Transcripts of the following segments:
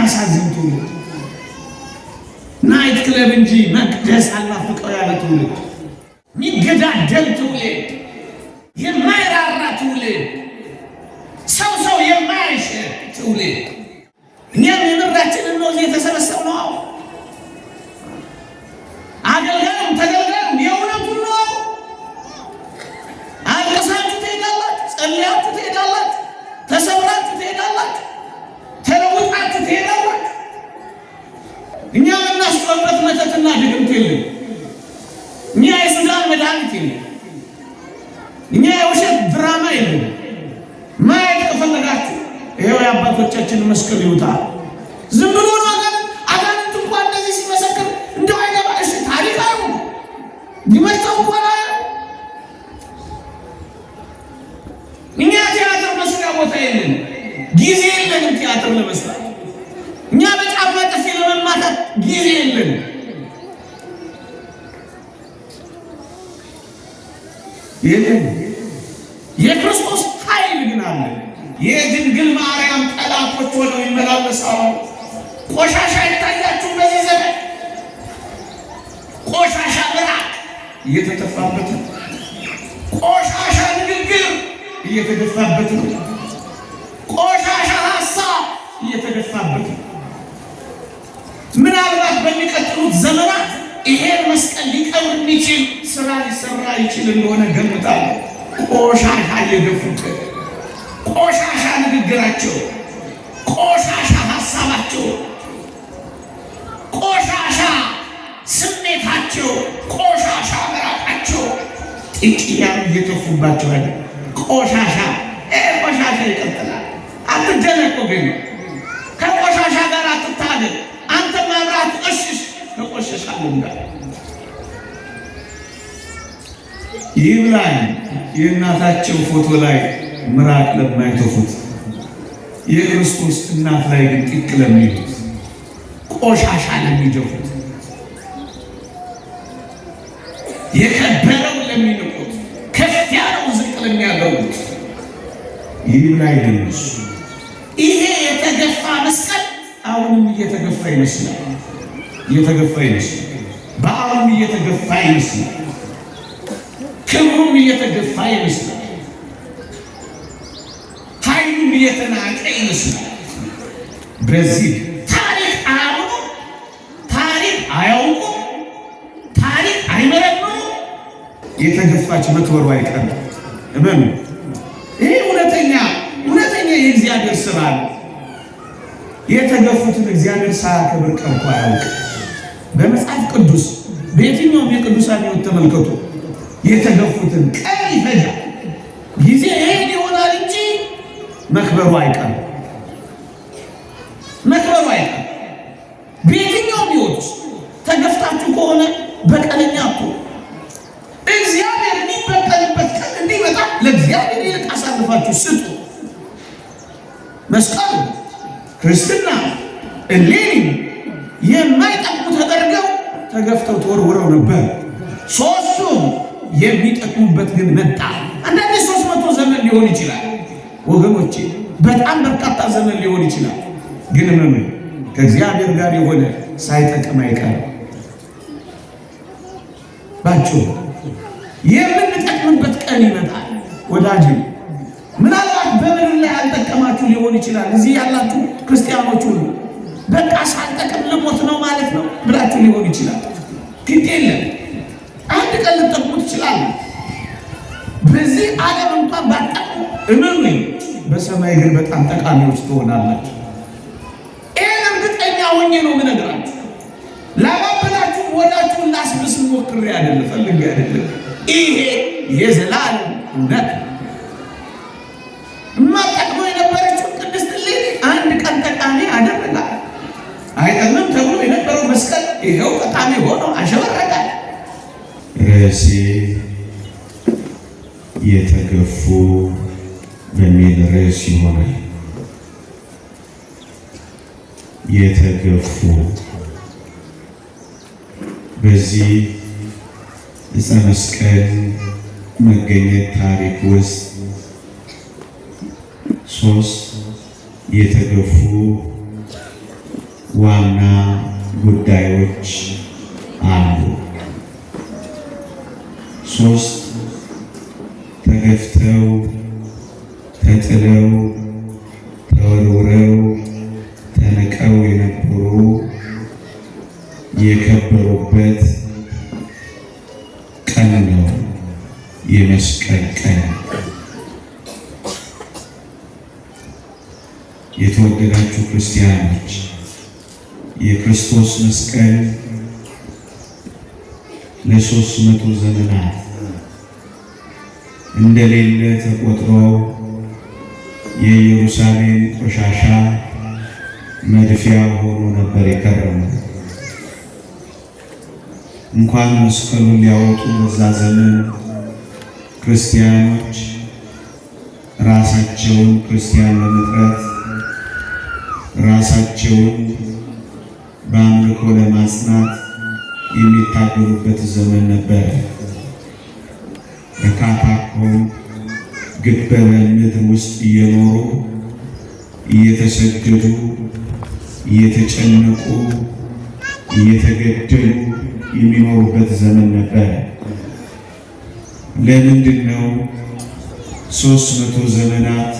የሚያሳዝን ትውልድ ናይት ክለብ እንጂ መቅደስ አላፍቀው ያለ ትውልድ፣ የሚገዳደል ትውልድ፣ የማይራራ ትውልድ፣ ሰው ሰው የማይሽ ትውልድ። እኛም የምራችንን ነው የተሰበሰብነው። መድኃኒት የለም። እኛ የሱዳን መድኃኒት የለም። እኛ የውሸት ድራማ የለም። ማየት ከፈለጋችሁ ይኸው የአባቶቻችን መስቀል ይውጣል ዝም ብሎ የለም። የክርስቶስ ኃይል ግን አለ። የድንግል ማርያም ጠላቶች ሆነው ይመላለሳሉ። ቆሻሻ ይታያችሁ። በዚህ ዘመን ቆሻሻ ምራቅ እየተተፋበት ነው። ቆሻሻ ንግግር እየተደፋበት ነው። ቆሻሻ ሀሳብ እየተደፋበት ነው። ምናልባት በሚቀጥሉት ዘመናት ይሄን መስቀል ሊቀር የሚችል ስራ ሊሰራ ይችል እንደሆነ ገምታለሁ። ቆሻሻ እየገፉት፣ ቆሻሻ ንግግራቸው፣ ቆሻሻ ሀሳባቸው፣ ቆሻሻ ስሜታቸው፣ ቆሻሻ ምራቃቸው ጥቂያ እየተፉባቸው ቆሻሻ ቆሻሻ ይቀጥላል። አትደነቁ ግን ይቆሽሻል እንዳለ ይብላኝ የእናታቸው ፎቶ ላይ ምራቅ ለማይተፉት የክርስቶስ እናት ላይ ግን ጥቅ ለሚሉት ቆሻሻ ለሚደፉት የከበረው ለሚንቁት ከፍ ያለው ዝቅ ለሚያደርጉት ይብላኝ ነው እሱ። ይሄ የተገፋ መስቀል አሁንም እየተገፋ ይመስላል። እየተገፋ ይመስል፣ በዓሉም እየተገፋ ይመስል፣ ክብሩም እየተገፋ ይመስል፣ ኃይሉም እየተናቀ ይመስል በዚህ ታሪክ አያውቁ፣ ታሪክ አያውቁ፣ ታሪክ አይመረምሩ። የተገፋች መትወሩ አይቀርም። እመኑ። ይህ እውነተኛ እውነተኛ የእግዚአብሔር ስራ ነው። የተገፉትን እግዚአብሔር ሳያከብር ቀርቶ አያውቅ። በመጽሐፍ ቅዱስ በየትኛውም የቅዱሳን ሕይወት ተመልከቱ። የተገፉትን ቀን ይፈጃል፣ ጊዜ ይሄድ ይሆናል እንጂ መክበሩ አይቀርም። መክበሩ አይቀርም። በየትኛውም ሕይወት ተገፍታችሁ ከሆነ በቀለኛ አቶ እግዚአብሔር የሚበቀልበት ቀን እንዲመጣ ለእግዚአብሔር ይልቅ አሳልፋችሁ ስጡ። መስቀሉ ክርስትና እሌኒ የማይጠቅሙ ተደርገው ተገፍተው ተወርውረው ነበር። ሶስቱም የሚጠቅሙበት ግን መጣ። አንዳንዴ ሶስት መቶ ዘመን ሊሆን ይችላል ወገኖቼ፣ በጣም በርካታ ዘመን ሊሆን ይችላል። ግን ምን ከእግዚአብሔር ጋር የሆነ ሳይጠቅም አይቀርም ባቸው የምንጠቅምበት ቀን ይመጣል። ወዳጅ ምናልባት በምድር ላይ አልጠቀማችሁ ሊሆን ይችላል። እዚህ ያላችሁ ክርስቲያኖች ሁሉ በቃ ሳልጠቅም ልሞት ነው ማለት ነው ብላችሁ ሊሆን ይችላል። ግድ የለም አንድ ቀን ልጠቅሙ ትችላለ። በዚህ ዓለም እንኳን ባጠቁ እመኑ፣ በሰማይ ግን በጣም ጠቃሚዎች ትሆናላችሁ። ይህን እርግጠኛ ሆኜ ነው ምነግራችሁ። ላባበላችሁ ወዳችሁ ላስብስ ሞክሬ አይደለም ፈልጌ አይደለም። ይሄ የዘላለም እውነት አይጠምም ተብሎ የነበረው መስቀል ይኸው ቀጣሚ ሆኖ አሸበረቃል። ርዕሴ የተገፉ በሚል ርዕስ ይሆናል። የተገፉ በዚህ ዕፀ መስቀል መገኘት ታሪክ ውስጥ ሶስት የተገፉ ዋና ጉዳዮች አሉ። ሶስት ተገፍተው ተጥለው ተወርውረው ተንቀው የነበሩ የከበሩበት ቀን ነው የመስቀል ቀን። የተወደዳችሁ ክርስቲያኖች የክርስቶስ መስቀል ለሶስት መቶ ዘመናት እንደሌለ ተቆጥሮ የኢየሩሳሌም ቆሻሻ መድፊያ ሆኖ ነበር የከረመው። እንኳን መስቀሉን ሊያወጡ በዛ ዘመን ክርስቲያኖች ራሳቸውን ክርስቲያን ለመጥራት ራሳቸውን በአምልኮ ለማጽናት የሚታገሉበት ዘመን ነበረ። በካታኮምብ ገበረ ምድር ውስጥ እየኖሩ እየተሰደዱ እየተጨነቁ እየተገደሉ የሚኖሩበት ዘመን ነበረ። ለምንድን ነው ሶስት መቶ ዘመናት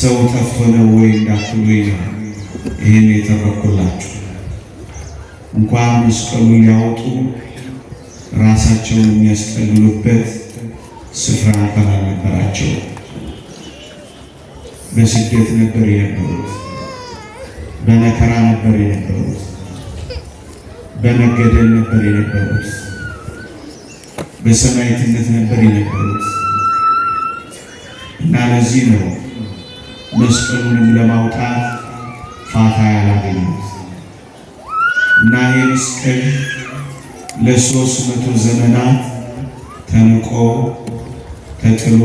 ሰው ጠፍቶ ነው ወይ እንዳትሉ ይሄን የተረኩላችሁ እንኳን መስቀሉን ሊያወጡ ራሳቸውን የሚያስጠልሉበት ስፍራ እንኳን አልነበራቸው። በስደት ነበር የነበሩት። በመከራ ነበር የነበሩት። በመገደል ነበር የነበሩት። በሰማዕትነት ነበር የነበሩት እና ለዚህ ነው መስቀሉንም ለማውጣት ፋታ ያላገኙት። ናይል ስክል ለሶስት መቶ ዘመናት ተንቆ ተጥሎ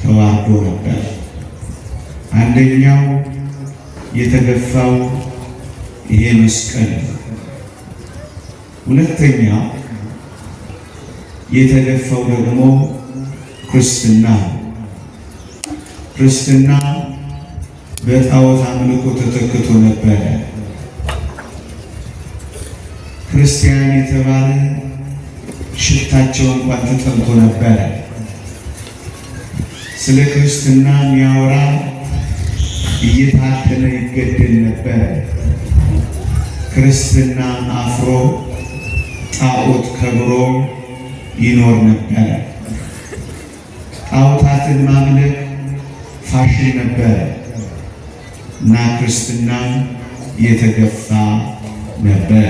ተዋርዶ ነበር። አንደኛው የተገፋው ይሄ መስቀል፣ ሁለተኛው የተገፋው ደግሞ ክርስትና። ክርስትና በጣዖት አምልኮ ተተክቶ ነበረ። ክርስቲያን የተባለ ሽታቸው እንኳን ተጠምቶ ነበረ። ስለ ክርስትና የሚያወራ እየታደለ ይገደል ነበረ። ክርስትና አፍሮ ጣዖት ከብሮ ይኖር ነበረ። ጣዖታትን ማምለክ ፋሽን ነበረ እና ክርስትና የተገፋ ነበረ።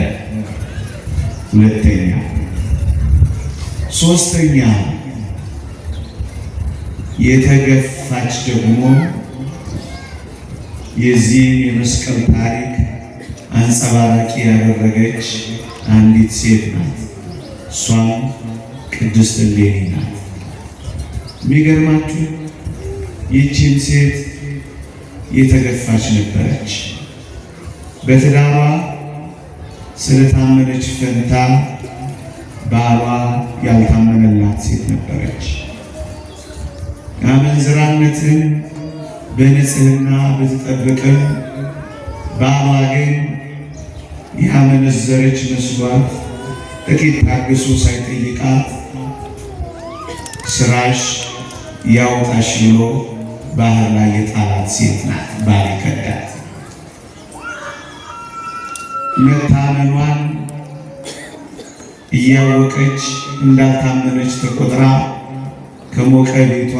ሁለተኛ ሶስተኛ የተገፋች ደግሞ የዚህን የመስቀል ታሪክ አንጸባራቂ ያደረገች አንዲት ሴት ናት። እሷም ቅድስት እሌኒ ናት። የሚገርማችሁ ይህችን ሴት የተገፋች ነበረች። በትዳሯ ስለታመነች ፈንታ ባሏ ያልታመነላት ሴት ነበረች። አመንዝራነትን በንጽህና በተጠበቀም ባሏ ግን ያመነዘረች መስሏት ጥቂት ታግሶ ሳይጠይቃት ስራሽ ያውጣሽ ብሎ ባህር ላይ የጣላት ሴት ናት። ባል ይከዳል። መታመኗን እያወቀች እንዳልታመነች ተቆጥራ ከሞቀ ቤቷ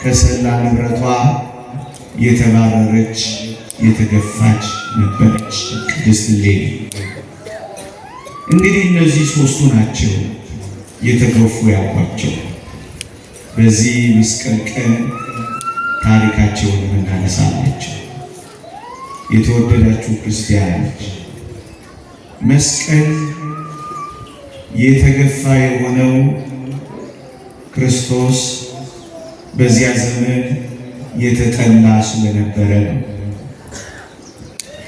ከሰላ ንብረቷ የተባረረች የተገፋች ነበረች ቅድስት እሌኒ። እንግዲህ እነዚህ ሶስቱ ናቸው የተገፉ ያልኳቸው። በዚህ መስቀል ቀን ታሪካቸውን የምናነሳላቸው የተወደዳችሁ ክርስቲያኖች መስቀል የተገፋ የሆነው ክርስቶስ በዚያ ዘመን የተጠላ ስለነበረ ነው።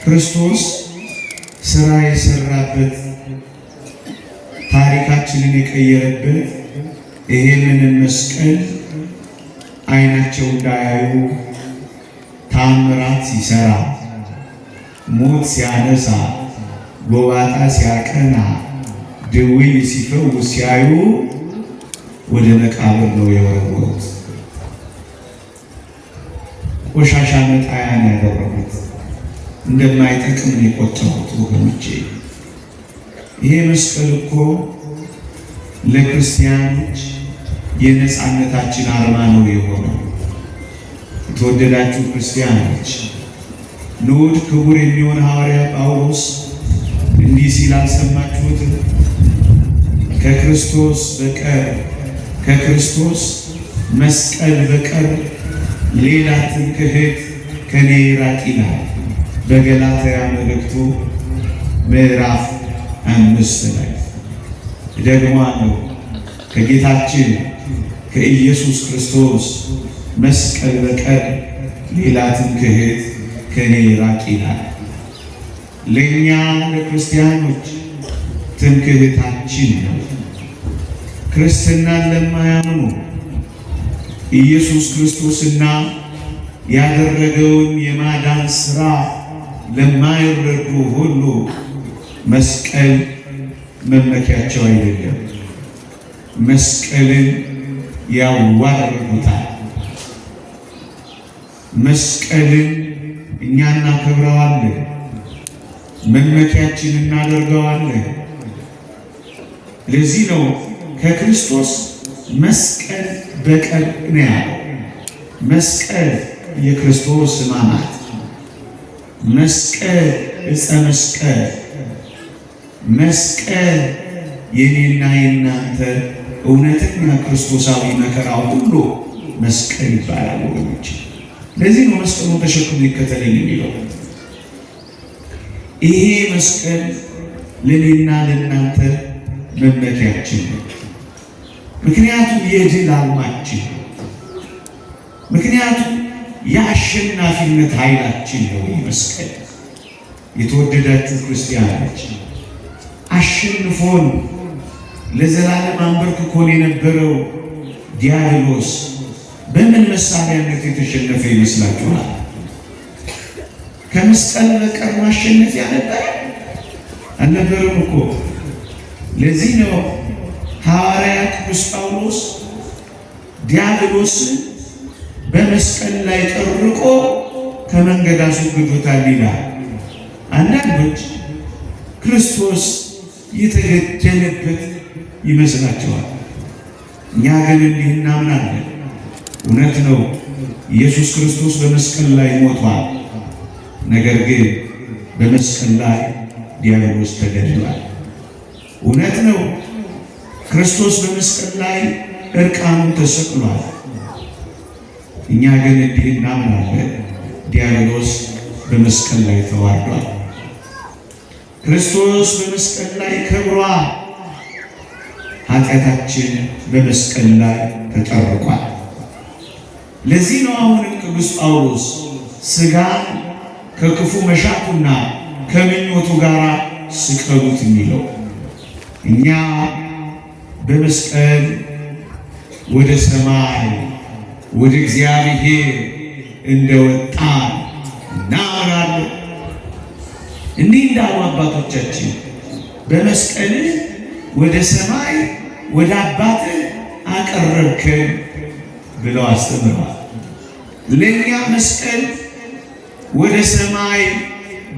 ክርስቶስ ስራ የሰራበት ታሪካችንን የቀየረበት ይሄንን መስቀል አይናቸው እንዳያዩ ታምራት ሲሰራ ሞት ሲያነሳ ጎባታ ሲያቀና ድውይ ሲፈው ሲያዩ ወደ መቃብር ነው የወረወሩት። ቆሻሻ መጣያን ያደረጉት እንደማይጠቅም ነው የቆጠሩት። ወገኖቼ ይሄ መስቀል እኮ ለክርስቲያኖች የነፃነታችን አርማ ነው የሆነው። የተወደዳችሁ ክርስቲያኖች ልዑድ ክቡር የሚሆን ሐዋርያ ጳውሎስ እንዲህ ሲል አልሰማችሁት? ከክርስቶስ በቀር ከክርስቶስ መስቀል በቀር ሌላ ትምክህት ከኔ ራቅ ይላል በገላትያ መልእክቱ ምዕራፍ አምስት ላይ ደግሞ ከጌታችን ከኢየሱስ ክርስቶስ መስቀል በቀር ሌላ ትምክህት ከኔ ራቅ ይላል። ለእኛ ለክርስቲያኖች ትምክህታችን ነው። ክርስትናን ለማያምኑ ኢየሱስ ክርስቶስና ያደረገውን የማዳን ሥራ ለማይረዱ ሁሉ መስቀል መመኪያቸው አይደለም። መስቀልን ያዋርዱታል። መስቀልን እኛ እናከብረዋለን። መመኪያችን እናደርገዋለን። ለዚህ ነው ከክርስቶስ መስቀል በቀር ነው ያለው። መስቀል የክርስቶስ ሕማማት፣ መስቀል ዕፀ መስቀል፣ መስቀል የኔና የእናንተ እውነተኛ ክርስቶሳዊ መከራው ሁሉ መስቀል ይባላል ወገኖች። ለዚህ ነው መስቀሉን ተሸክሞ ይከተለኝ የሚለው ይሄ መስቀል ለእኔና ለእናንተ መመኪያችን ነው። ምክንያቱም የድል አልማችን፣ ምክንያቱም የአሸናፊነት ኃይላችን ነው። ይህ መስቀል የተወደዳችሁ ክርስቲያኖች አሸንፎን ለዘላለም አንበርክኮን የነበረው ዲያብሎስ በምን መሳሪያነት የተሸነፈ ይመስላችኋል? ከመስቀል በቀር ማሸነፊያ ነበረ አልነበረም እኮ። ለዚህ ነው ሐዋርያ ቅዱስ ጳውሎስ ዲያብሎስን በመስቀል ላይ ጠርቆ ከመንገድ አስወግዶታል ይላል። አንዳንዶች ክርስቶስ የተገደለበት ይመስላቸዋል። እኛ ግን እንዲህ እናምናለን። እውነት ነው፣ ኢየሱስ ክርስቶስ በመስቀል ላይ ሞቷል። ነገር ግን በመስቀል ላይ ዲያብሎስ ተገድሏል። እውነት ነው። ክርስቶስ በመስቀል ላይ እርቃኑ ተሰቅሏል። እኛ ግን እንዲህ እናምናለን፣ ዲያብሎስ በመስቀል ላይ ተዋርዷል። ክርስቶስ በመስቀል ላይ ክብሯ ኃጢአታችን በመስቀል ላይ ተጠርቋል። ለዚህ ነው አሁንም ቅዱስ ጳውሎስ ስጋ። ከክፉ መሻቱና ከምኞቱ ጋር ስቀሉት የሚለው እኛ በመስቀል ወደ ሰማይ ወደ እግዚአብሔር እንደወጣ እናምናለን። እንዲህ እንዳሉ አባቶቻችን በመስቀል ወደ ሰማይ ወደ አባት አቀረብከን ብለው አስተምረዋል። ለእኛ መስቀል ወደ ሰማይ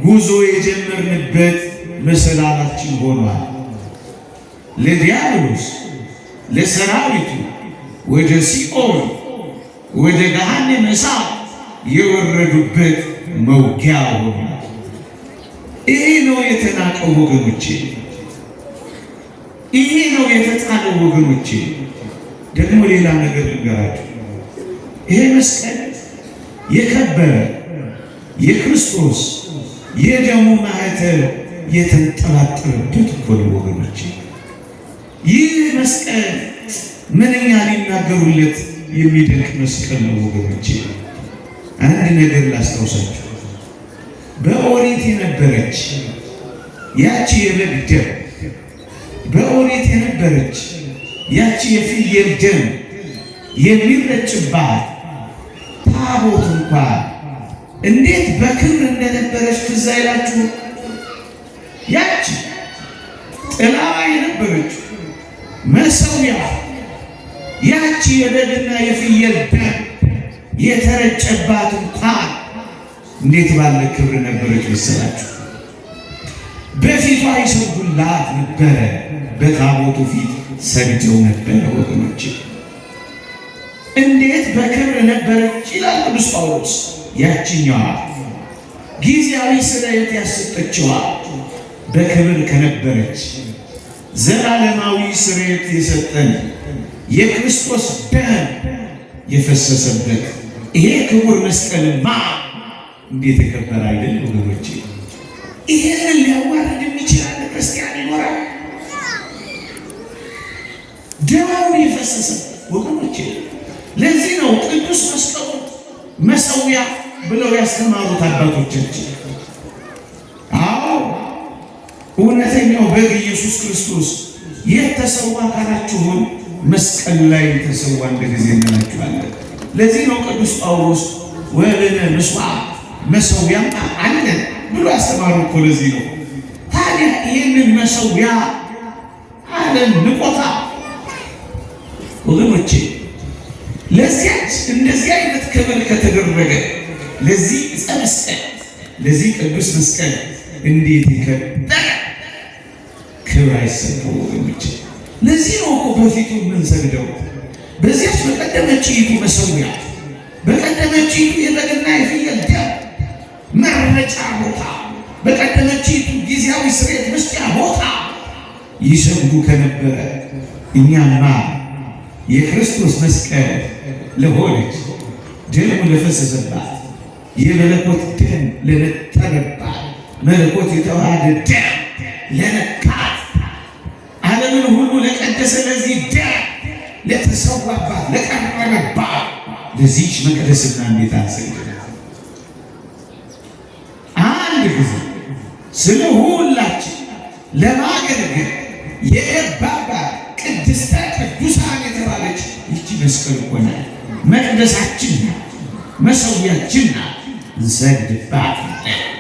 ጉዞ የጀመርንበት መሰላላችን ሆኗል። ለዲያብሎስ ለሰራዊቱ ወደ ሲኦል ወደ ገሃነመ እሳት የወረዱበት መውጊያ ሆኗል። ይሄ ነው የተናቀው ወገኖቼ፣ ይሄ ነው የተጣለው ወገኖቼ። ደግሞ ሌላ ነገር ንገራችሁ። ይሄ መስቀል የከበረ የክርስቶስ የደሙ ማዕተብ የተንጠላጠለበት እኮ ነው ወገኖች። ይህ መስቀል ምንኛ ሊናገሩለት የሚደንቅ መስቀል ነው ወገኖች። አንድ ነገር ላስታውሳችሁ። በኦሪት የነበረች ያቺ የበግ ደም፣ በኦሪት የነበረች ያቺ የፍየል ደም የሚረጭባት ታቦት እንኳን እንዴት በክብር እንደነበረች ትዝ አይላችሁ? ያች ጥላዋ የነበረች መሰውያ ያቺ የበግና የፍየል ደም የተረጨባት እንኳን እንዴት ባለ ክብር ነበረች መሰላችሁ? በፊቷ ይሰግዱላት ነበረ። በታቦቱ ፊት ሰግደው ነበረ ወገኖች። እንዴት በክብር ነበረች ይላል ቅዱስ ጳውሎስ ያችኛዋ ጊዜያዊ ስለት ያሰጠችዋ በክብር ከነበረች ዘላለማዊ ስርየት የሰጠን የክርስቶስ ደም የፈሰሰበት ይሄ ክቡር መስቀልማ እንዴት የከበረ አይደል ወገኖቼ? ይሄንን ሊያዋርድ የሚችላለ ክርስቲያን ይኖራል? ደማውን የፈሰሰ ወገኖቼ፣ ለዚህ ነው ቅዱስ መስቀሉ መሰዊያ ብለው ያስተማሩት አባቶቻችን። አዎ እውነተኛው በግ ኢየሱስ ክርስቶስ የተሰዋ ካላችሁን መስቀል ላይ የተሰዋ አንድ ጊዜ እንላችኋለን። ለዚህ ነው ቅዱስ ጳውሎስ ወበነ መስዋዕ መሰዊያም አለ ብሎ ያስተማሩ እኮ ለዚህ ነው። ታዲያ ይህንን መሰዊያ ዓለም ንቆታ ወገኖቼ ለዚያች እንደዚህ አይነት ክብር ከተደረገ ለዚህ ዕፀ መስቀል ለዚህ ቅዱስ መስቀል እንዴት የከበረ ክብር አይሰጠው ወገኖች። ለዚህ ነው እኮ በፊቱ የምንሰግደው። በዚያች በቀደመችይቱ መሰዊያ በቀደመችይቱ የበግና የፍየል ደም መረጫ ቦታ በቀደመችይቱ ጊዜያዊ ስርየት መስጫ ቦታ ይሰግዱ ከነበረ እኛማ የክርስቶስ መስቀል ለሆነች ደሙ ለፈሰሰባት የመለኮት ደም ለነጠረባት መለኮት የተዋሃደ ደም ለነካት ዓለምን ሁሉ ለቀደሰ ለዚህ ደም ለተሰዋባት ለቀረበባት ለዚች መቅደስና እንዴት አንሰግድ? አንድ ጊዜ ስለ ሁላችን ለማገልገል የገባባት ቅድስተ ቅዱሳን የተባለች ይቺ መስቀል ሆነ መቅደሳችን ናት፣ መሰዊያችን ናት። and said back.